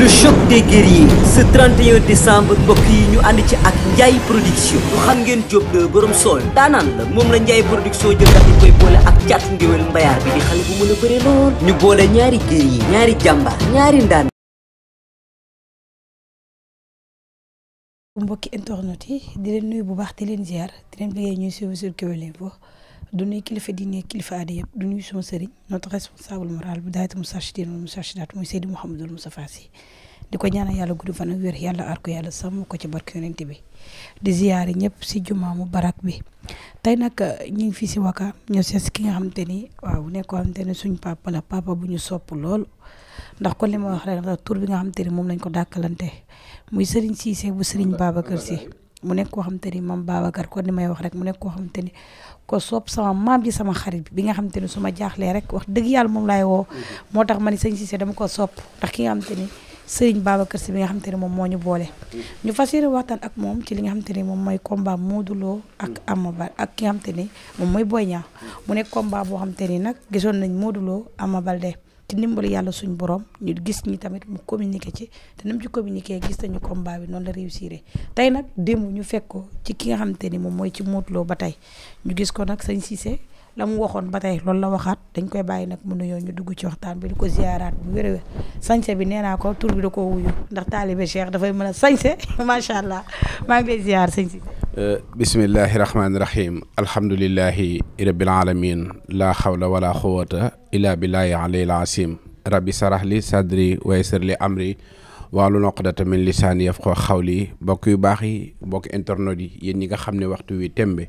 le choc des guerriers ce 31 décembre mbokk yi ñu ànd ci ak Ndiaye production ñu xam ngeen Diop de borom sool daanaan la moom la Ndiaye production jël daal di koy boole ak caatu ngéwél mbayaar bi di xale bu mën a bëre lool ñu boole ñaari guerrier ñaari jàmbaar ñaari ndaan mbokki internet di leen nuyu bu baax di leen ziar di leen bëggee ñuy suivre sur du nuyu kilifa diine kilifa aada yëpp du nuyu suma sëriñ notre responsable moral bu daayatu Moustarchidine wal Moustarchidaat muy Seydi Mouhamadul Moustapha Sy di ko ñaanal yàlla gudd fan yàlla aar yàlla sàmm ko ci barke yonent bi di ziyaare ñëpp si jumaa mu barak bi tey nag euh, ñu ngi fii si Wakaam ñoo sees ki nga xamante ni waaw nekk koo xamante ne suñ papa la papa bu ñu sopp lool ndax kon li ma wax rek tur bi nga xamante ni moom lañ ko dàkkalante muy sëriñ Cissé bu sëriñ kër si mu nekk koo xamante ni maam Babacar kon ni may wax rek mu nekk koo xamante ni ko soob sama maam ji sama xarit bi nga xamante ni su ma jaaxlee rek wax dëgg yàlla moom laay woo mhm. moo tax ma ni sëñ Cissé dama ko sopp ndax ki nga xamante ni sëriñ Babacar si bi nga xamante ni moom moo ñu boole mhm. ñu fas yéene waxtaan ak moom ci li nga xamante ni moom mooy combat Modou Lo ak mhm. Ama Baldé ak ki nga xamante ni moom mooy Boy Niang mu nekk combat boo xamante ni nag gisoon nañ Modou Ama balde te ndimbal yàlla suñ borom ñu gis ñi tamit mu communiqué ci te nam ci communiquer gis nañu combat bi noonu la réussir tey nag démb ñu fekk ko ci ki nga xamante ni moom mooy ci Modou ba tey ñu gis ko nag Sëñ Cissé la mu waxoon ba tey loolu la waxaat dañ koy bàyyi nag mu nuyoo ñu dugg ci waxtaan bi di ko ziyaaraat bu wér sañse bi nee naa ko tur bi da koo wuyu ndax taalibe Cheikh dafay mën a sañse macha allah maa ngi lay ziyaar sëñ si. Euh, bismillahi rahmaani rahim alhamdulillahi rabbil alamin laa xawla wala quwwata illa billahi alil asim rabbi sarah li sadri wa li amri wahlul uqdatan min lisaani yafqahu qawli mbokk yu baax yi mbokk internet yi yéen ñi nga xam ne waxtu wi tembe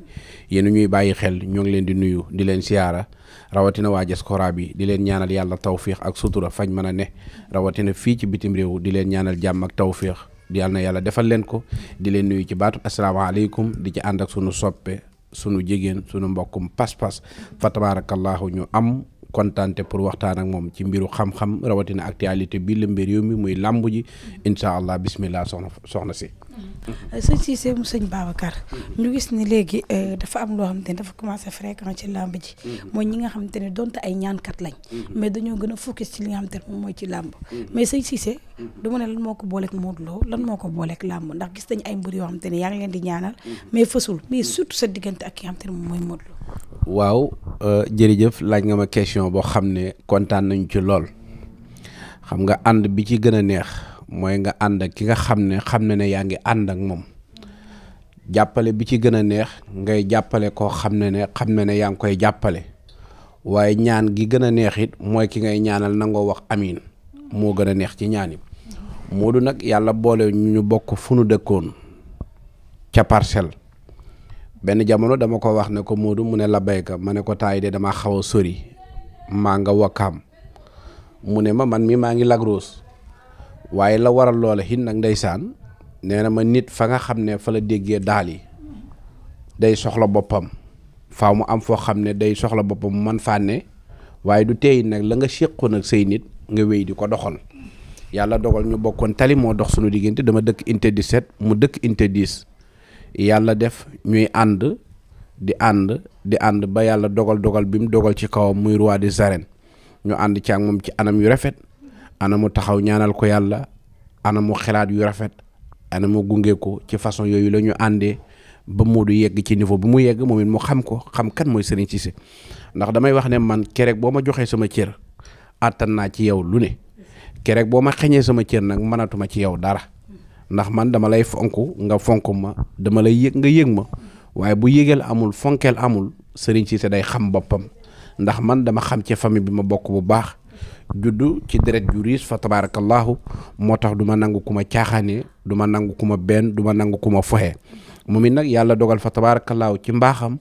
yéen ñuy bàyyi xel ñoo ngi leen di nuyu di leen siyaara rawatina waa diaspora yi di leen ñaanal yàlla tawfiix ak sutura fañ mën a ne rawatina fii ci bitim réew di leen ñaanal jàmm ak tawfiix di yàlla na yàlla defal leen ko di leen nuyu ci baatu asalaamaaleykum di ci ànd ak sunu soppe sunu jigéen sunu mbokkum pas-pas fa tabaarakallaahu ñu am kontaante pour waxtaan ak moom ci mbiru xam-xam rawatina actualité bi lëmbee réew mi muy làmb ji incha allah bismillah soxna soxna si. Euh, sëñ Cissé mu sëñ Babacar ñu gis ni léegi euh, dafa am loo xam te ne dafa commencé fréquent ci làmb ji mooy ñi nga xam te ne donte ay ñaankat lañ mais dañoo gën a focus ci li nga xam te ne moom mooy ci làmb mais sëñ Cissé du ma ne lan moo ko booleeg Modou Lo lan moo ko booleeg làmb ndax gis nañ ay mbir yoo xam te ne yaa di ñaanal mais fësul mais surtout sa waaw euh, jërëjëf laaj nga ma question boo xam ne kontaan nañu ci lool xam nga ànd bi ci gën a neex mooy nga ànd ak ki nga xam ne xam ne ne yaa ngi ànd ak moom jàppale bi ci gën a neex ngay jàppale koo xam ne ne xam ne ne yaa ngi koy jàppale waaye ñaan gi gën a neexit mooy ki ngay ñaanal nangoo wax amiin moo gën a neex ci ñaan yi Moodu nag yàlla boole ñu bokk fu nu dëkkoon ca parcelle. benn jamono dama ko wax ne ko Modou mu ne la béykat ma ne ko taay de damaa xaw a sori maa nga wakkaam mu ne ma man mi maa ngi lagrosse waaye la waral loola xin nag ndeysaan nee na ma nit fa nga xam ne fa la déggee daal yi day soxla boppam faaw mu am foo xam ne day soxla boppam man fànne waaye du teey nag la nga séqoon nag say nit nga wéy di ko doxal yàlla dogal ñu bokkoon tali moo dox sunu diggante dama dëkk unité 17 mu dëkk unité yàlla def ñuy ànd di ànd di ànd ba yàlla dogal dogal bi mu dogal ci kawam muy roi des arènes ñu ànd ci ak moom ci anam yu rafet mu taxaw ñaanal ko yàlla mu xalaat yu rafet anamu gunge ko ci façon yooyu la ñu àndee ba Modou yegg ci niveau bi mu yegg moom it mu xam ko xam kan mooy Serigne Cissé ndax damay wax ne man kereeg boo ma joxee sama cër attan naa ci yow lu ne kereeg boo ma xeñee sama cër nag mënatuma ci yow dara. ndax man dama lay fonk nga fonk ma dama lay yëg nga yëg ma waaye bu yëgeel amul fonkeel amul sëriñ Cissé day xam boppam ndax man dama xam cee famille bi ma bokk bu baax juddu ci deret ju riis fa tabarakallahu moo tax duma nangu ku ma caaxaanee duma nangu ku ma benn du ma nangu ku ma foxe moom it nag yàlla dogal fa tabarakallahu ci mbaaxam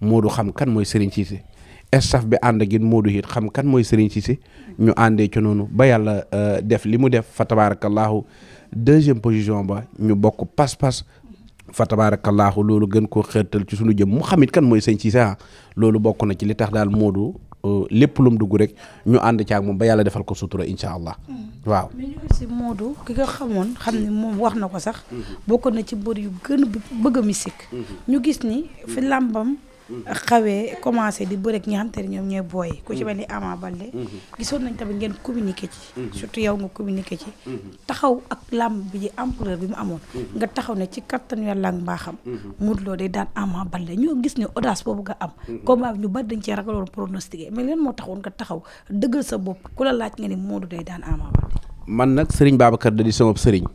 Moodu xam kan mooy Serigne Cissé staff bi ànd ak it Moodu it xam kan mooy Serigne Cissé ñu àndee ci noonu ba yàlla euh, def li mu def fa deuxième position ba ñu bokk pas-pas fa tabaarakallaahu loolu gën koo xeetal ci suñu jëm mu xam it kan mooy sëñ Cissé ah? loolu bokk na ci li tax daal Modou euh, lépp lum dugg rek ñu ànd caag moom ba yàlla defal ko sutura incha allah. Hmm. waaw mais ñu gis si Modou ki nga xamoon xam ne moom wax na ko sax. Hmm. bokk na ci mbër yu gën bëgg a misik. Hmm. ñu gis ni fi làmbam xawee commencé di bëreeg ñi xam te ne ñoom ñooy booy ku ci mm. mel ni Ama Baldé mm-hmm. gisoon nañ tamit ngeen communiqué ci mm-hmm. surtout yow nga communiqué ci mm-hmm. taxaw ak làmb bi ji ampleur bi mu amoon nga taxaw ne ci kattan yàlla ak mbaaxam Modou Lo day daan Ama Baldé ñoo gis ne audace boobu nga am combat bi ñu dañ cee ragaloon pronostiqué mais leen moo taxawoon nga taxaw dëggal sa bopp ku la laaj nga ni Modou day daan Ama Baldé man nag sëriñ Babacar da di sama sëriñ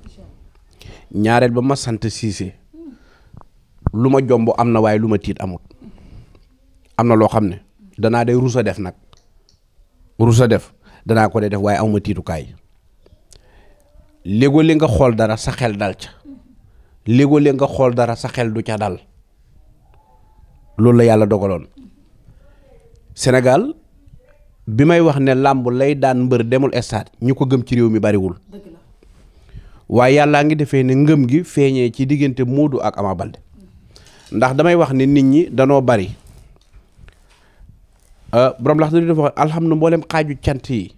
ñaareel ba ma sant Cissé mm. lu ma jomb am na waaye lu ma tiit amut am na loo xam ne danaa day rusa def nag rusa def danaa ko dee def waaye amuma tiitukaay léegoo li nga xool dara sa xel dal ca léegoo li nga xool dara sa xel du ca dal loolu la yàlla dogaloon senegal bi may wax ne làmb lay daan mbër demul stade ñu ko gëm ci réew mi bariwul waaye yàllaa ngi defee ne ngëm gi feeñee ci diggante Modou ak Ama Baldé ndax damay wax ne nit ñi danoo bari Euh, borom lax dañuy wax alhamdu mboolem xaaju cant yi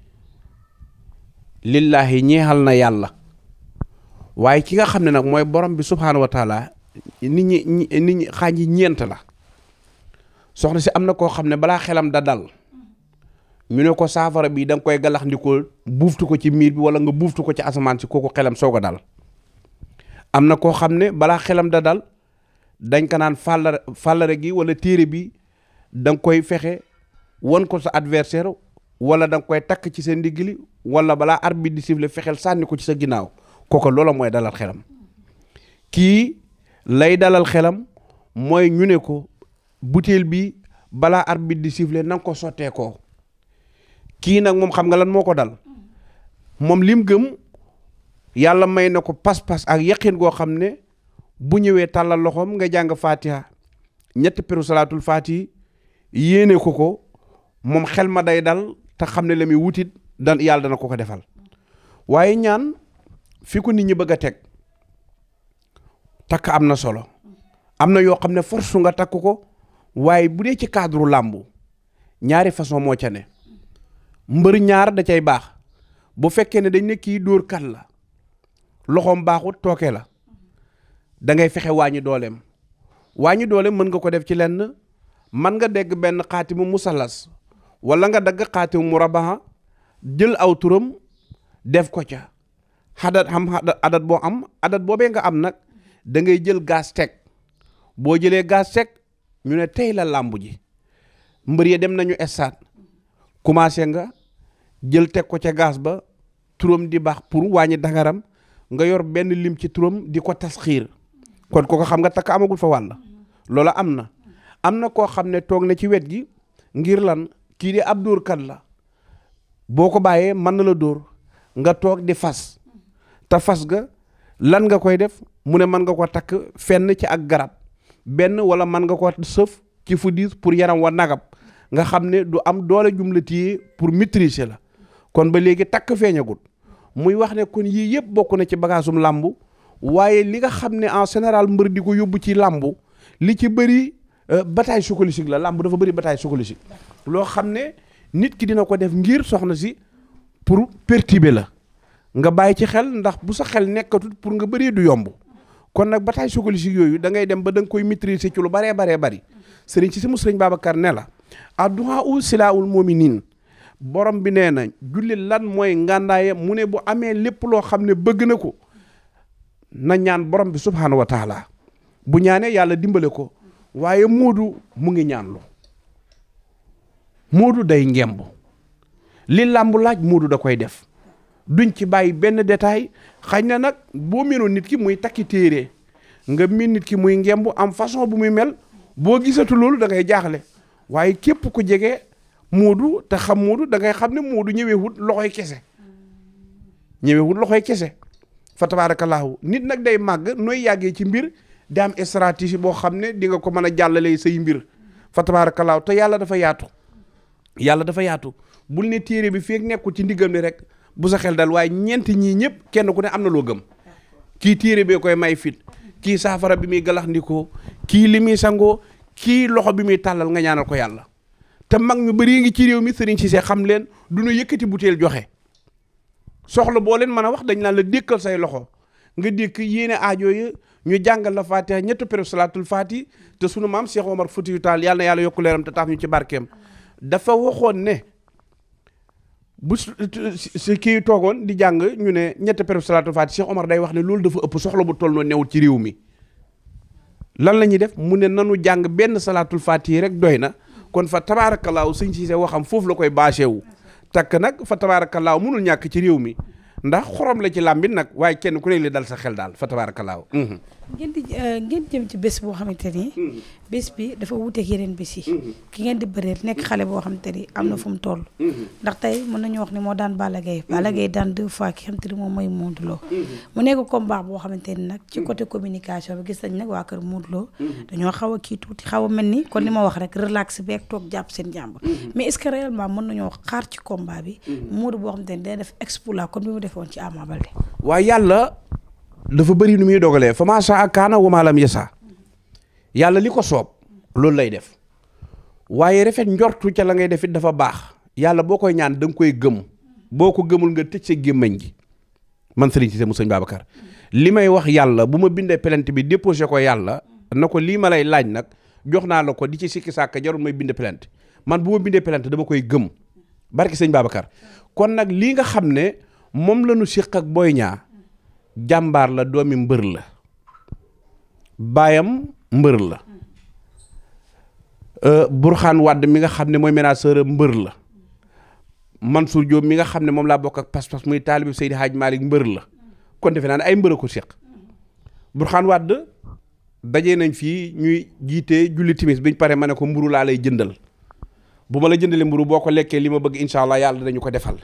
lillaahi ñeexal na yàlla waaye ki nga xam ne nag mooy borom bi subhaanahu wa taala nit ñi nit ñi xaaj yi ñeent la soxna si am na koo xam ne balaa xelam da dal ñu ne ko saafara bii danga koy galax ndikoo buuftu ko ci miir bi wala nga buuftu ko ci asamaan si kooku xelam soog a dal am na koo xam ne balaa xelam da dal dañ ko naan fàllare gi wala téere bi da koy fexe wan ko sa adversaire wala da koy takk ci sa ndigg li wala balaa arbitre di siffler fexeel sànni ko ci sa ginnaaw kooku loola mooy dalal xelam kii lay dalal xelam mooy ñu ne ko butéel bi balaa arbitre di siffler na ko sottee ko kii nag moom xam nga lan moo ko dal moom lim gëm yàlla may na ko pas-pas ak yaqin goo xam ne bu ñëwee tàllal loxoom nga jàng fatiha ñetti peru salaatul fatiha yéene ko ko. moom xel ma day dal te xam ne la muy wutit dan yàlla dana ko ko defal waaye ñaan fi ko nit ñi bëgg a teg takk am na solo am na yoo xam ne force nga takk ko waaye bu dee ci cadre làmbu ñaari façon moo ca ne mbër ñaar da cay baax bu fekkee ne dañ ne kii dóor kan la loxoom baaxut tooke la dangay fexe wàññi dooleem wàññi dooleem mën nga ko def ci lenn mën nga degg benn xaati xaatimu musalas wala nga dagg xaatim murabaha jël aw turam def ko ca xadat xam adat boo am adat boobee nga am nag dangay jël gaas teg boo jëlee gaas teg ñu ne tey la làmb ji mbër yi dem nañu estaat commencé nga jël teg ko ca gaas ba turam di baax pour wàññi dangaram nga yor benn lim ci turam di ko tas xiir kon ko xam nga takk amagul fa wàll loola am na am na koo xam ne toog na ci wet gi ngir lan kii de ab dóor kat la boo ko bàyyee mën na la dóor nga toog di fas te fas ga lan nga koy def mu ne mën nga ko takk fenn ci ak garab benn wala mën nga ko sëf ci fu diis pour yaram wa nagab nga xam ne du am doole jum la pour maîtriser la kon ba léegi takk feeñagut muy wax ne kon yii yëpp bokk na ci bagaasum làmbu waaye li nga xam ne en général mbër di ko yóbbu ci làmbu li ci bëri Euh, bataille psychologique la làmb dafa bëri bataille psychologique loo xam ne nit ki dina ko def ngir soxna si pour perturber la nga bàyyi ci xel ndax bu sa xel nekkatul pour nga bëree du yomb kon nag bataille psychologique yooyu dangay dem ba da nga koy maîtriser ci lu baree baree bari sëriñ si si mu sëriñ Babacar ne la adduhaa u silaawul mu'minin borom bi nee na julli lan mooy ngàndaaye mu ne bu amee lépp loo xam ne bëgg na ko na ñaan borom bi subhaanahu wa bu ñaanee yàlla dimbale ko waaye Moodu mu ngi ñaan ñaanlu Moodu day ngemb li làmb laaj Moodu da koy def duñ ci bàyyi benn détail xañ na nag boo mënoon nit ki muy takki téere nga miin nit ki muy ngembu am façon bu muy mel boo gisatu loolu da ngay jaaxle waaye képp ku jege Moodu te xam Moodu da ngay xam ne Moodu ñëweewut loxoy kese ñëweewut loxoy kese fa tabaarakallaahu nit nag day màgg nooy yàggee ci mbir di am stratégie boo xam ne di nga ko mën a jàllalee say mbir fa tabaarakallaahu te yàlla dafa yaatu yàlla dafa yaatu bul ne téere bi feek nekkul ci ndiggam ni rek bu sa xel dal waaye ñeenti ñii ñëpp kenn ku ne am na loo gëm kii téere bee koy may fit kii saafara bi muy galax ndikoo kii li muy sangoo kii loxo bi muy tàllal nga ñaanal ko yàlla te mag ñu bëri ngi ci réew mi sëriñ Cissé xam leen du ñu yëkkati butéel joxe soxla boo leen mën a wax dañ naan la dékkal say loxo ñu jàngal la fatiha ñetti péréb salaatul fati te sunu maam Cheikh Omar Foutiyou Tall yàlla na yàlla yokku leeram te taaf ñu ci barkeem dafa waxoon ne bu si kii toogoon di jàng ñu ne ñetti péréb salaatul fati Cheikh Omar day wax ne loolu dafa ëpp soxla bu toll noonu newul ci réew mi lan la ñuy def mu ne nanu jàng benn salaatul fati rek doy na kon fa tabaarakallaahu sëñ Cissé waxam foofu la koy bâché wu takk nag fa tabaarakallaahu mënul ñàkk ci réew mi ndax xorom la ci làmbit nag waaye kenn ku ne li dal sa xel daal fa tabarakalaaw mhm. ngeen di euh, ngeen jëm ci bés boo xamante ni mhm. bés bi dafa wuuteeg yeneen bés yi mhm. ki ngeen di bëreel nekk xale boo xamante ni am na fu mu toll ndax tey mën nañu wax ni moo daan Balla Gaye Balla Gaye daan deux fois ki xamante ni moom mooy Modou Lo mu nekk combat boo xamante ni nag ci côté communication bi gis nañ nag waa kër Modou Lo dañoo xaw kii tuuti xaw a mel ni kon li ma wax rek relax beeg toog jàpp seen jàmb mais est-ce que réellement mën defoon ci waaye yàlla dafa bëri nu muy dogalee fa maa saa ak kaana wa maa yàlla li ko soob loolu lay def waaye rafet njortu ca la ngay def dafa baax yàlla boo koy ñaan da koy gëm boo ko gëmul nga tëj sa gémmañ gi man Serigne Cissé mu sëñ Babacar li may wax yàlla bu ma bindee plainte bi déposé ko yàlla na ko lii ma lay laaj nag jox naa la ko di ci sikki sàkk jarul may bind plainte man bu ma bindee plainte dama koy gëm barki sëñ Babacar kon nag lii nga moom lanu ñu ak Boy ñaa jàmbaar la doomi mbër la baayam mbër la xaan euh, Wàdd mi nga xam ne mooy ménageur mbër la Mansour Diop mi nga xam ne moom laa bokk ak pas-pas muy taalibi Seydi Hadj Malick mbër la kon defe naa ne ay mbër ko siq Burxaan Wàdd dajee nañ fii ñuy jiitee julli timis biñ pare ma ne ko mburu laa lay jëndal bu ma la jëndalee mburu boo ko lekkee li ma bëgg incha allah yàlla dañu ko defal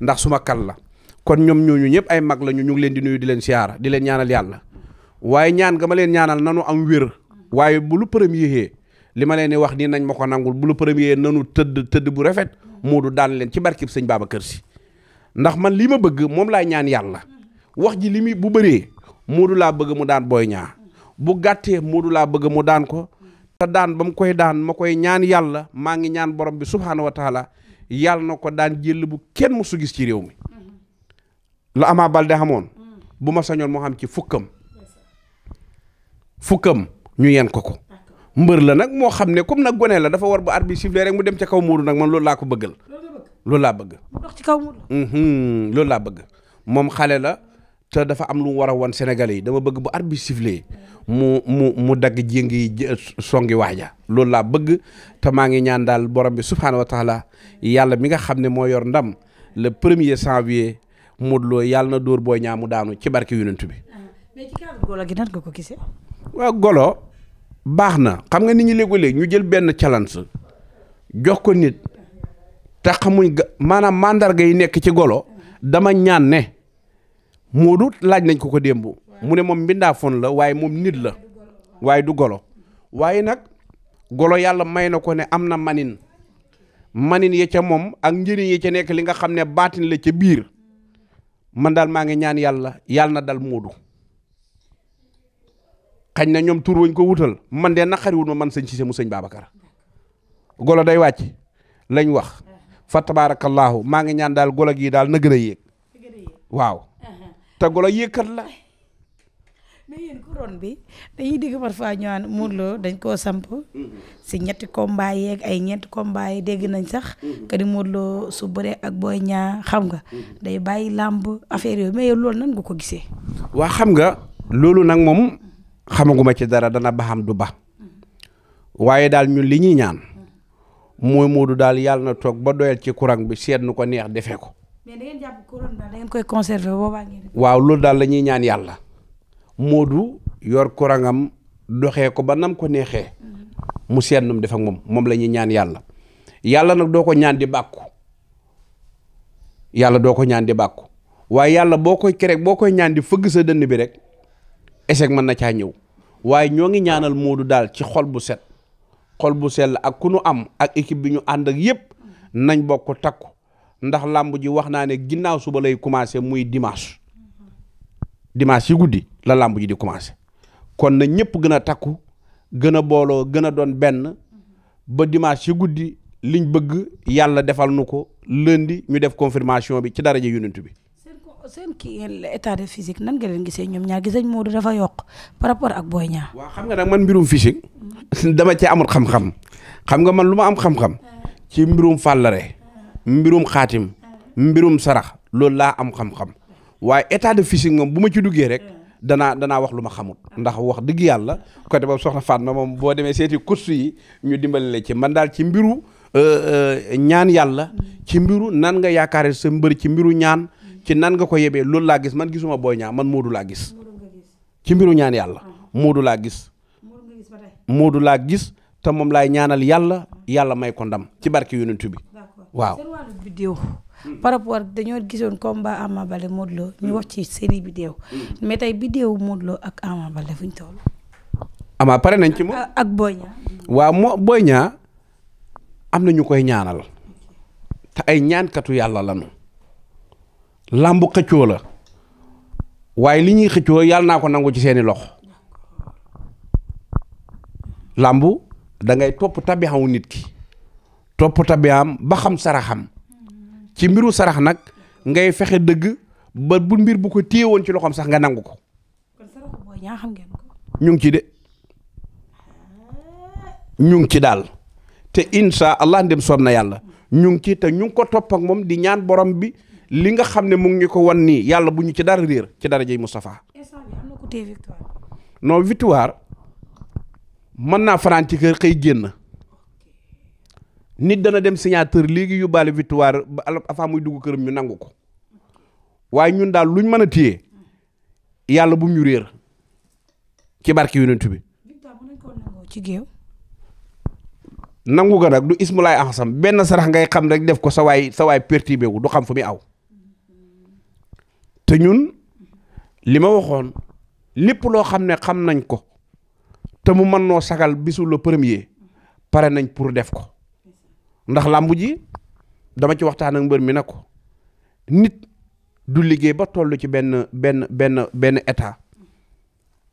ndax suma kal la kon ñoom ñooñu ñëpp ay mag la ñu ñu ngi leen di nuyu di leen siyaara di leen ñaanal yàlla waaye ñaan nga leen ñaanal nanu am wér waaye bu lu premier li ma leen di wax nii nañ ma ko nangul bu lu premier nanu tëdd tëdd bu rafet moo daan leen ci barkib sëñ Babacar Si ndax man lii ma bëgg moom laay ñaan yàlla wax ji li muy bu bëree moodu laa bëgg mu daan booy ñaa bu gàttee moodu laa bëgg mu daan ko te daan ba mu koy daan ma koy ñaan yàlla maa ngi ñaan borom bi subhaanahu wa taala yàlla na ko daan jël bu kenn mësu gis ci réew la Ama Baldé xamoon bu ma sañoon moo xam ci fukkam fukkam ñu yen ko ko mbër la nag moo xam ne comme nag gone la dafa war bu arbitre sifflé rek mu dem ca kaw muuru nag man loolu laa ko bëggal loolu laa bëgg mu loolu laa bëgg moom xale la te dafa am lu mu war a woon Sénégalais yi dama bëgg bu arbitre sifflé mu mu mu dagg jéng yi songi waaja loolu laa bëgg te maa ngi ñaan daal borom bi subhaanahu wa yàlla mi nga xam ne moo yor ndam le premier janvier Modou Lo yàlla na dóor Boy Niang mu daanu ci barke yonent bi. Ah, mais ci kàddu golo nga ko gisee. golo baax na xam nga nit ñi léeg-léeg ñu jël benn challenge jox ko nit te xamuñ ga maanaam mandarga yi nekk ci golo dama ñaan ne Modou laaj nañ ko ko démb mu ne moom mbindaafoon la waaye moom nit la waaye du golo waaye nag golo yàlla may na ko ne am na manin manin ya ca moom ak njëriñ ya ca nekk li nga xam ne baatin la ca biir. man daal maa ngi ñaan yàlla yàlla na dal Moodu xañ na ñoom tur wañ ko wutal man de naqariwul ma man sëñ Cissé mu sëñ Babacar golo day wàcc lañ wax fa tabaarakallaahu maa ngi ñaan daal golo gii daal na gën a yéeg waaw uh-huh. te golo yéegkat la mais yéen couronne bi dañuy dégg parfois ñu naan Modou Lo dañ koo samp si ñetti combat yeeg ay ñetti combat dégg nañ sax que ni Modou Lo su bëree ak Boy Niang xam nga day bàyyi làmb affaire yooyu mais yow loolu nan ko gisee waa xam nga loolu nag moom xamaguma ci dara dana xam du ba waaye daal ñun li ñuy ñaan mooy Modou daal yàlla na toog ba doyal ci courant bi seet nu ko neex defee ko mais waaw loolu daal la ñuy ñaan yàlla Moodu yor kurangam doxee ko ba nam ko neexee mm-hmm. mu seet nu mu def ak moom moom la ñuy ñaan yàlla yàlla nag doo ko ñaan di bàkku yàlla doo ko ñaan di bàkku waaye yàlla boo koy kerek boo koy ñaan di fëgg sa dënn bi rek échec mën na caa ñëw waaye ñoo ngi ñaanal Moodu daal ci xol bu set xol bu la ak ku nu am ak équipe bi ñu ànd ak yëpp mm-hmm. nañ bokk takku ndax làmb ji wax naa ne ginnaaw suba lay commencé muy dimanche dimanche yi guddi la làmb ji di commencé kon na ñëpp gën a takku gën a booloo gën a doon benn ba dimanche yi guddi liñ bëgg yàlla defal nu ko lundi ñu def confirmation bi ci daraja yonent bi. seen kii état de physique nan nga leen gisee ñoom ñaar gis nañ Modou dafa yokk par rapport ak Boy Niang. waa xam nga nag man mbirum physique dama cee amul xam-xam xam nga man lu ma am xam-xam ci mbirum fàllare mbirum xaatim mbirum sarax loolu laa am xam-xam waaye état de physique moom bu ma ci duggee rek danaa danaa wax lu ma xamut ndax wax dëgg yàlla côté boobu soxna Fatma moom boo demee seeti course yi ñu dimbali la ci man daal ci mbiru euh, euh, ñaan yàlla ci mbiru nan nga yaakaare sa mbër ci mbiru ñaan ci nan nga ko yebee loolu laa gis man gisuma booy ñaan man Moodu gis ci mbiru ñaan yàlla ah. Moodu laa gis Moodu laa gis te moom laay ñaanal yàlla yàlla may ko ndam ci barke yonent bi waaw par rapport dañoo gisoon combat Ama Baldé Modou Lô ñu wax ci série vidéo mais tey vidéo Modou Lô ak Ama Baldé fuñ toll. pare nañ ci moom ak Boy Niang. am na ñu koy ñaanal te ay ñaankatu yàlla lañu làmbu xëccoo la waaye li ñuy xëccoo yàlla naa ko nangu ci seeni lox làmb dangay topp tabixamu nit ki topp tabixam ba xam saraxam ci mbiru sarax nag ngay fexe dëgg ba bu mbir bu ko téye woon ci loxoom sax nga nangu ko. kon saraxu ñu ngi ci de ñu ngi ci daal te insha allah ndem soob na yàlla ñu ngi ci te ñu ngi ko topp ak moom di ñaan borom bi li nga xam ne mu ngi ñu ko won nii yàlla bu ñu ci dara réer ci dara jëy Moustapha. non victoire mën naa fanaan ci kër xëy génn. nit dana dem signature léegi yóbbaale victoire ba afaa muy dugg këram ñu nangu ko waaye ñun daal luñ mën a téye yàlla bu ñu réer ci barke yonent bi ci géew nangu ko nag du ismulaay axasam benn sarax ngay xam rek def ko sa waay sa waay pertibeeku du xam fu muy aw te ñun li ma waxoon lépp loo xam ne xam nañ ko te mu mën noo sagal bisu le premier pare nañ pour def ko ndax làmb ji dama ci waxtaan ak mbër mi na ko nit du liggéey ba tollu ci benn benn benn benn état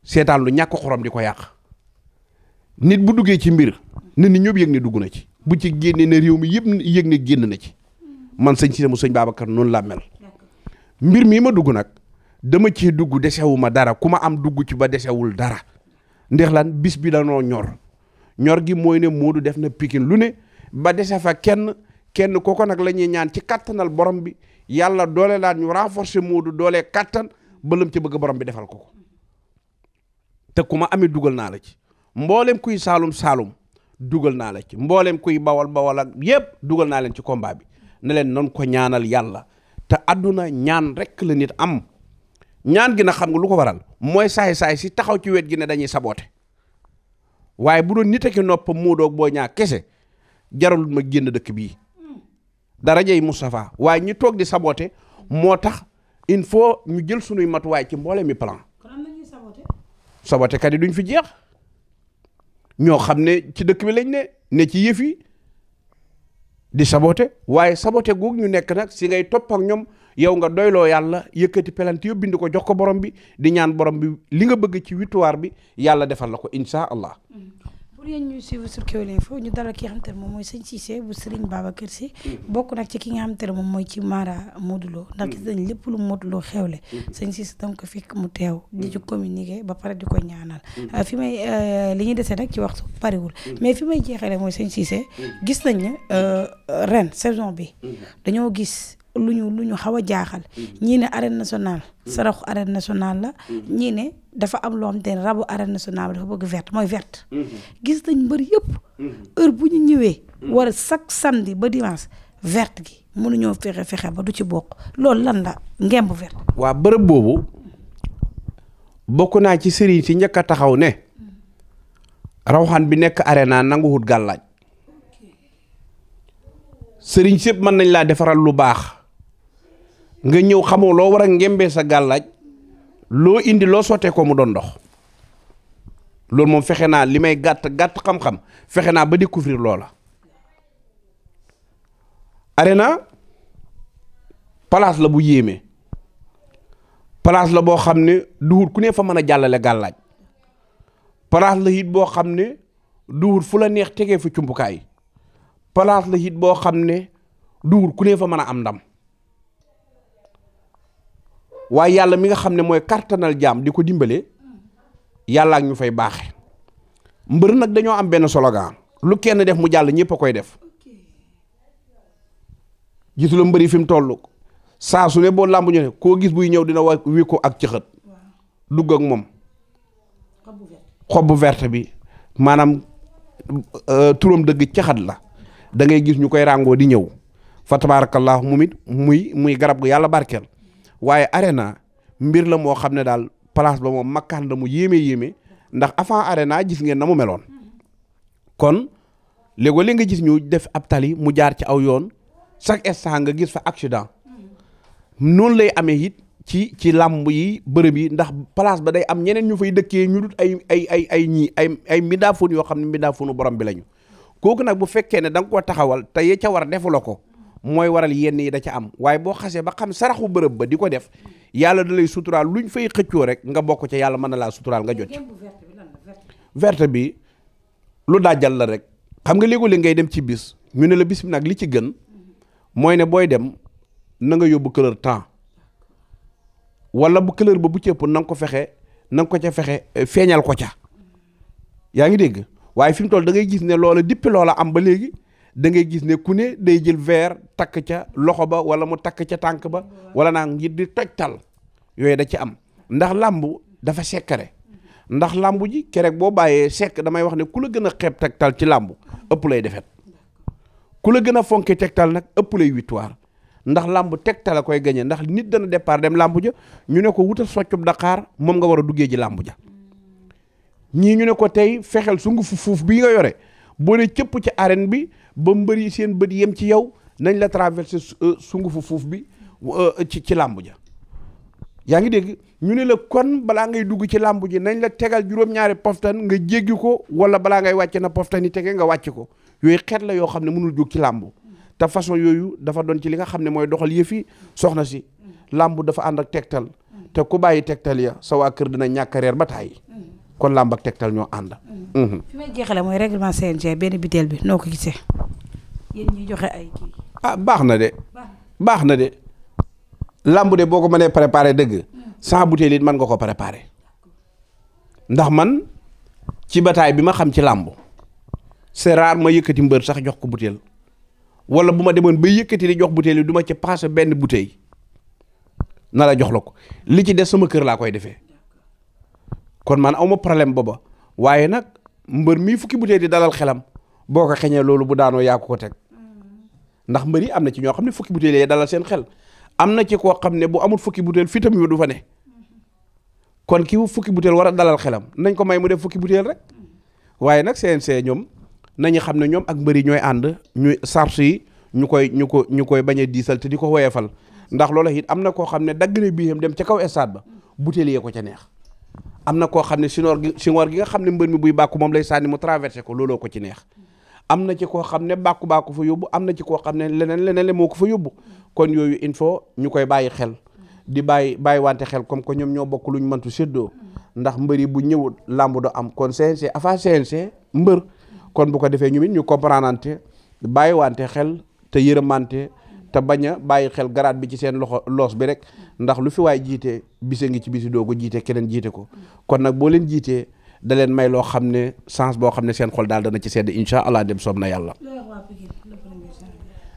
seetaan lu ñàkk xorom di ko yàq nit bu duggee ci mbir nit ñëpp yëg ne dugg na ci bu ci génnee réew mi yëpp yëg ne génn na ci man sëñ si mu sëñ Babacar noonu laa mel mbir mii ma dugg nag dama ci dugg desewu ma dara ku ma am dugg ci ba desewul dara ndexlan bis bi danoo ñor ñor gi mooy ne Modou def na pikin lu ne ba dese fa kenn kenn koko nag lañuy ñaan ci kattanal borom bi yàlla doole laan ñu renforcer Moodu doole kattan ba lam ci bëgg borom bi defal ko ko te ku ma amee dugal naa la ci mboolem kuy saalum saalum dugal naa la ci mbooleem kuy bawal bawal yépp dugal naa leen ci combat bi ne leen noonu ko ñaanal yàlla te àdduna ñaan rek la nit am ñaan gi nag xam nga lu ko waral mooy saay-saay si taxaw ci wet gi ne dañuy saboote waaye bu doon nit ak nopp muudoog boo ñaa kese. jarul ma génn dëkk bi bii yi Moustapha waaye ñu toog di saboote moo tax il faut ñu jël sunuy matuwaay ci mboole mi plan saboté kat yi duñ fi jeex ñoo xam ne ci dëkk bi lañ ne ne ci yëfi di saboté waaye saboté goog ñu nekk nag si ngay topp ñoom yow nga doyloo yàlla yëkkati pelant yo bind ko jox ko borom bi di ñaan borom bi li nga bëgg ci victoire bi yàlla defal la ko insha allah mm-hmm. pour yéen ñuy suivre sur Kewel Info ñu dalal ki nga xamante moom mooy sëñ Cissé bu Serigne Babacar Sy mm-hmm. bokk nag ci ki nga xamante ne moom mooy ci Mara Modou Lo ndax gis nañ mm-hmm. lépp lu Modou Lo xewle mm-hmm. sëñ Cissé da nga ko fekk mu teew di ci communiquer ba pare di ko ñaanal euh, fi may euh, li ñuy desee nag ci waxtu bariwul mais fi may jeexale mooy sëñ Cissé gis nañ ne euh, ren saison bi dañoo gis lu ñu lu ñu xaw a jaaxal. ñii ne arène nationale. Mm-hmm. saraxu arène nationale la. Mm-hmm. ñii ne dafa am loo te ne rabu arène nationale dafa bëgg vert mooy vert mm-hmm. gis nañ mbër yëpp. heure bu ñu ñëwee. war a chaque samedi ba dimanche verte gi mënuñoo fexe fexe ba du ci bokk lool lan la ngemb verte. waa bërëb boobu bokk naa ci sëriñ si njëkk a taxaw ne rawxaan bi nekk arena nanguwut gàllaaj sëriñ sépp mën nañ laa defaral lu baax. nga ñëw xamoo loo war a ngembee sa gàllaaj loo indi loo sottee ko mu doon ndox loolu moom fexe naa li may gàtt gàtt xam-xam fexe naa ba di découvrir loola arena place la bu yéemee place la boo xam ne duhut ku ne fa mën a jàllale gàllaaj place la it boo xam ne duhut fu la neex tegee fu cumbukaay place la it boo xam ne duhut ku ne fa mën a am ndam waaye yàlla mi nga xam ne mooy kartanal jaam di ko dimbale yàlla ak ñu fay baax mbër nag dañoo am benn slogan lu kenn def mu jàll ñëpp a koy def gisu la mbëri fi mu toll saa su ne boo làmb ñu koo gis buy ñëw dina wa wi ko ak cëxët dugg ak moom xob bu verte bi maanaam euh, turam dëgg caxat la dangay ngay gis ñu koy ràngoo di ñëw fa tabarakallah mu it muy muy garab gu yàlla barkeel waaye arena mbir la moo xam ne daal place ba moom makkaan la mu yéeme yéeme ndax avant arena gis ngeen na mu meloon kon léegoo li nga gis ñu def ab tali mu jaar ci aw yoon chaque instant nga gis fa accident noonu lay amee it ci ci lamb yi bërëb yi ndax place ba day am ñeneen ñu fay dëkkee ñu ay ay ay ay ñii ay ay mbindaafun yoo xam ne mbindaafunu borom bi lañu kooku nag bu fekkee ne da nga ko taxawal te ye ca war defula ko mooy waral yenn yi da ca am waaye boo xasee ba xam saraxu bërëb ba di ko def yàlla da lay suturaal luñ fay xëccoo rek nga bokk ca yàlla mën na laa suturaal nga jot verte bi lu daajal la rek xam nga léegi-léeg ngay dem ci bis ñu ne la bis bi nag li ci gën mooy ne booy dem na nga yóbbu couleur temps walla bu couleur ba bu cëpp na nga ko fexe nanga ko ca fexe eh, feeñal ko ca yaa ngi dégg waaye fi mu toll da ngay gis ne loola dippi loola am ba léegi da ngay gis ne ku ne day jël verre takk ca loxo ba wala mu takk ca tànk ba wala naa ngir di tojtal yooyu da ci am ndax làmb dafa sekkare ndax làmb ji keroog boo bàyyee sekk damay wax ne ku la gën a xeeb tegtal ci làmb ëpp lay defet ku la gën a fonke tegtal nag ëpp lay victoire ndax làmb tegtal a koy gañe ndax nit dana départ dem làmbu ja ñu ne ko wutal soccub daqaar moom nga war a duggee ji làmb ja ñii ñu ne ko tey fexeel sungu fu fuuf nga yore boo ne cëpp ci arène bi ba mbëri yi seen bët yem ci yow nañ la traversé euh, sungufu fuuf bi euh, ci ci làmb ja yaa ngi dégg ñu ne la kon balaa ngay dugg ci làmbu ji nañ la tegal juróom-ñaari poftan nga jéggi ko wala balaa ngay wàcce na poftan yi tege nga wàcc ko yooyu xeet la yoo xam ne mënul jóg ci làmb te façon yooyu dafa doon ci li nga xam ne mooy doxal yëfi soxna si làmb dafa ànd ak tegtal te ku bàyyi tegtal ya sa waa kër dina ñàkk reer ba tàyyi kon làmb ak tegtal ñoo ànd. fi may jeexale mooy règlement CNG benn biteel bi noo ko gisee. yéen ñuy ay ah, baax na de. baax na de. làmb de boo ko mënee préparé dëgg. saa hmm. bouteille it mën nga ko préparé. ndax man ci bataay bi ma xam ci làmb c'est ma yëkkati mbër sax jox ko butéel wala bu ma demoon ba yëkkati di jox bouteille yi du ci passé benn bouteille na la jox la ko li ci des sama kër laa koy defee kon man awma problème booba waaye nag mbër mii fukki butéel di dalal xelam. boo ko xeñee loolu bu daanoo yaa ko teg ndax mbëri am na ci ñoo xam ne fukki butéel yee dalal seen xel am na ci koo xam ne bu amul fukki butéel fii tamit du fa ne kon ki fukki butéel war a dalal xelam nañ ko may mu def fukki butéel rek waaye nag CNC ñoom nañu xam ne ñoom ak mbër yi ñooy ànd ñuy charge yi ñu koy ñu ko ñu koy bañ a diisal te di ko woyefal ndax loola it am na koo xam ne dagg na bii dem ca kaw stade ba butéel yee ko ca neex am na koo xam ne sinoor gi sinoor gi nga xam ne mbër buy bàkku moom lay sànni mu traversé ko looloo ko ci neex am na ci koo xam ne bàkku baaku fa yóbbu am na ci koo xam ne leneen leneen le moo ko fa yóbbu kon yooyu il faut ñu koy bàyyi xel di bàyyi bàyyi wante xel comme que ñoom ñoo bokk luñ mëntu séddoo ndax mbëri bu ñëwul làmb do kon CNC afa CNC mbër kon bu ko defee ñu mit ñu comprendante bàyyi wante xel te yërëmante te bañ a bàyyi xel garaat bi ci seen loxo loos bi rek ndax lu fi waay jiite bise ngi ci bisi doo ko jiite keneen jiite ko kon nag boo leen jiitee da leen may loo xam ne chance boo xam ne seen xol daal dana ci sedd incha allah dem soob na yàlla.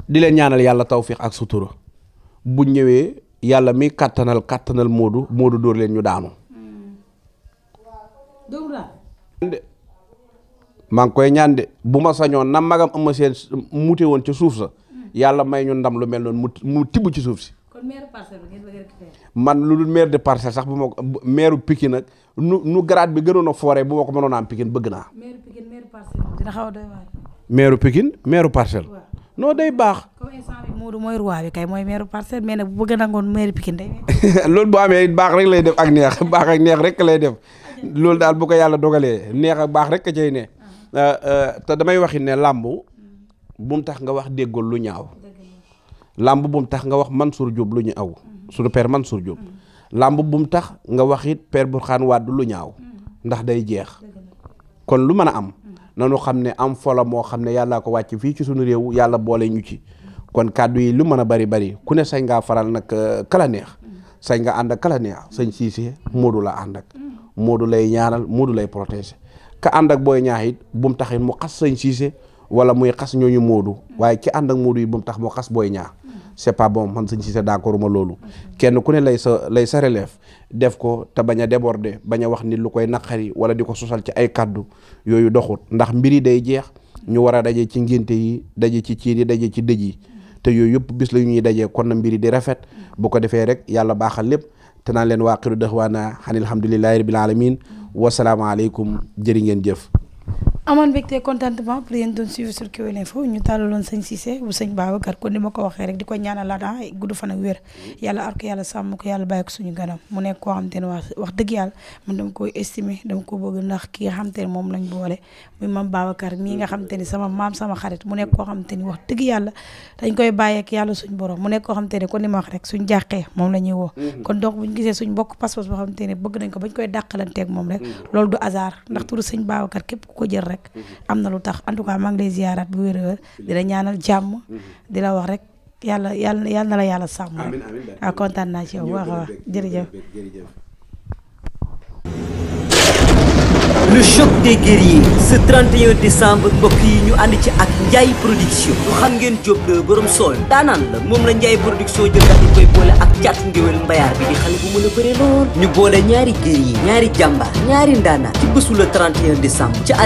di leen ñaanal yàlla tawfiq ak sutura bu ñëwee yàlla mi kàttanal kàttanal Moodu Moodu dóor leen ñu daanu. Hmm. maa ngi koy ñaan de bu ma sañoon na magam am seen muute woon ci suuf sa hmm. yàlla may ñu ndam lu mel noonu mu tibb ci suuf si. kon maire parcelle man lu dul maire de parcelle sax bu ma maire Pikine nag. nu nu grade bi gënoon a fooree bu ma ko mënoon am Pikine bëgg naa. maire Pikine maire parcelle dina xaw a doy waar. maire Pikine maire parcelle. non day baax. moo instant bi Moodu mooy roi bi kay mooy maire parcelle mais bu bëgg a nangoon maire Pikine day. loolu bu amee baax rek lay def ak neex baax ak neex rek lay def loolu daal bu ko yàlla dogalee neex ak baax rek ka cay ne. Uh-huh. Euh, euh, te damay waxi ne làmb bum tax nga wax déggool lu ñaaw làmb bum tax nga wax Mansour Diop lu ñu aw uh-huh. suñu père Mansour Diop. Uh-huh. làmb bu mu tax nga wax it Père Bourkhane wàddu lu ñaaw mm. ndax day jeex kon lu mën a am na mm. nanu xam ne am folo moo xam ne yàllaa ko wàcc fii ci sunu réew yàlla boole ñu ci kon kàddu yi lu mën a bari bari ku ne sañ ngaa faral nag euh, kala neex mm. sañ nga ànd ak kala neex sañ siisee Modou la ànd ak Modou lay ñaanal Modou lay protége ka ànd ak booy ñaaxit it bu mu tax mu xas sañ siisee wala muy xas ñooñu Modou waaye ki ànd ak Modou yi bu tax mu xas booy ñaax c'est pas bon man sëñ Cissé d'accord ma loolu kenn ku ne lay sa lay sa def ko te bañ a déborder bañ a wax nit lu koy naqari wala di ko sosal ci ay kàddu yooyu doxut ndax mbir yi day jeex ñu war a daje ci ngénte yi daje ci ciin yi daje ci dëj yi te yooyu yëpp bis la ñuy dajee kon na mbir yi di rafet bu ko defee rek yàlla baaxal lépp te naan leen waaqiru dëxwaana xanil hamdulillahi rabbil alamin wasalaamaaleykum jëri ngeen jëf amoon mbégte contentement pour yéen doon suivre sur Kewel Info ñu tàllaloon sëñ Cissé bu sëñ Babacar kon ni ma ko waxee rek di ko ñaanalaat ah gudd fan ak wér mm-hmm. yàlla ar ko yàlla sàmm ko yàlla suñu ganam mu koo xam te ne wax wax dëgg yàlla man dama koy estimer dama ko bëgg ndax ki nga xam te ne lañ boole muy maam Babacar mii nga xam te ni sama maam sama xarit mu nekk koo xam te ni wax dëgg yàlla dañ koy bàyyi ak yàlla suñu borom mu nekk koo xam te ne kon ni ma wax rek suñ jàqee moom la ñuy woo mm-hmm. kon donc buñ gisee suñ bokk pas-pas boo xam te ne bëgg nañ ko bañ koy dàqalanteeg moom rek mm-hmm. loolu du hasard ndax turu sëñ Babacar képp ku ko jël rek rek am na lu tax en tout cas maa ngi bu wér wér di la ñaanal jàmm dina wax rek yàlla yàlla yàlla na la yàlla sàmm rek ah kontaan naa ci yow wax wax jërëjëf ak Ndiaye production ñu xam ngeen Diop de borom sool daanaan la moom la Ndiaye production jël daal di koy boole ak caat ngéwél mbayaar bi di xale bu mën a bëre lool ñu boole ñaari guerriers ñaari jàmbaar ñaari ndaanaan ci bésu le 31 décembre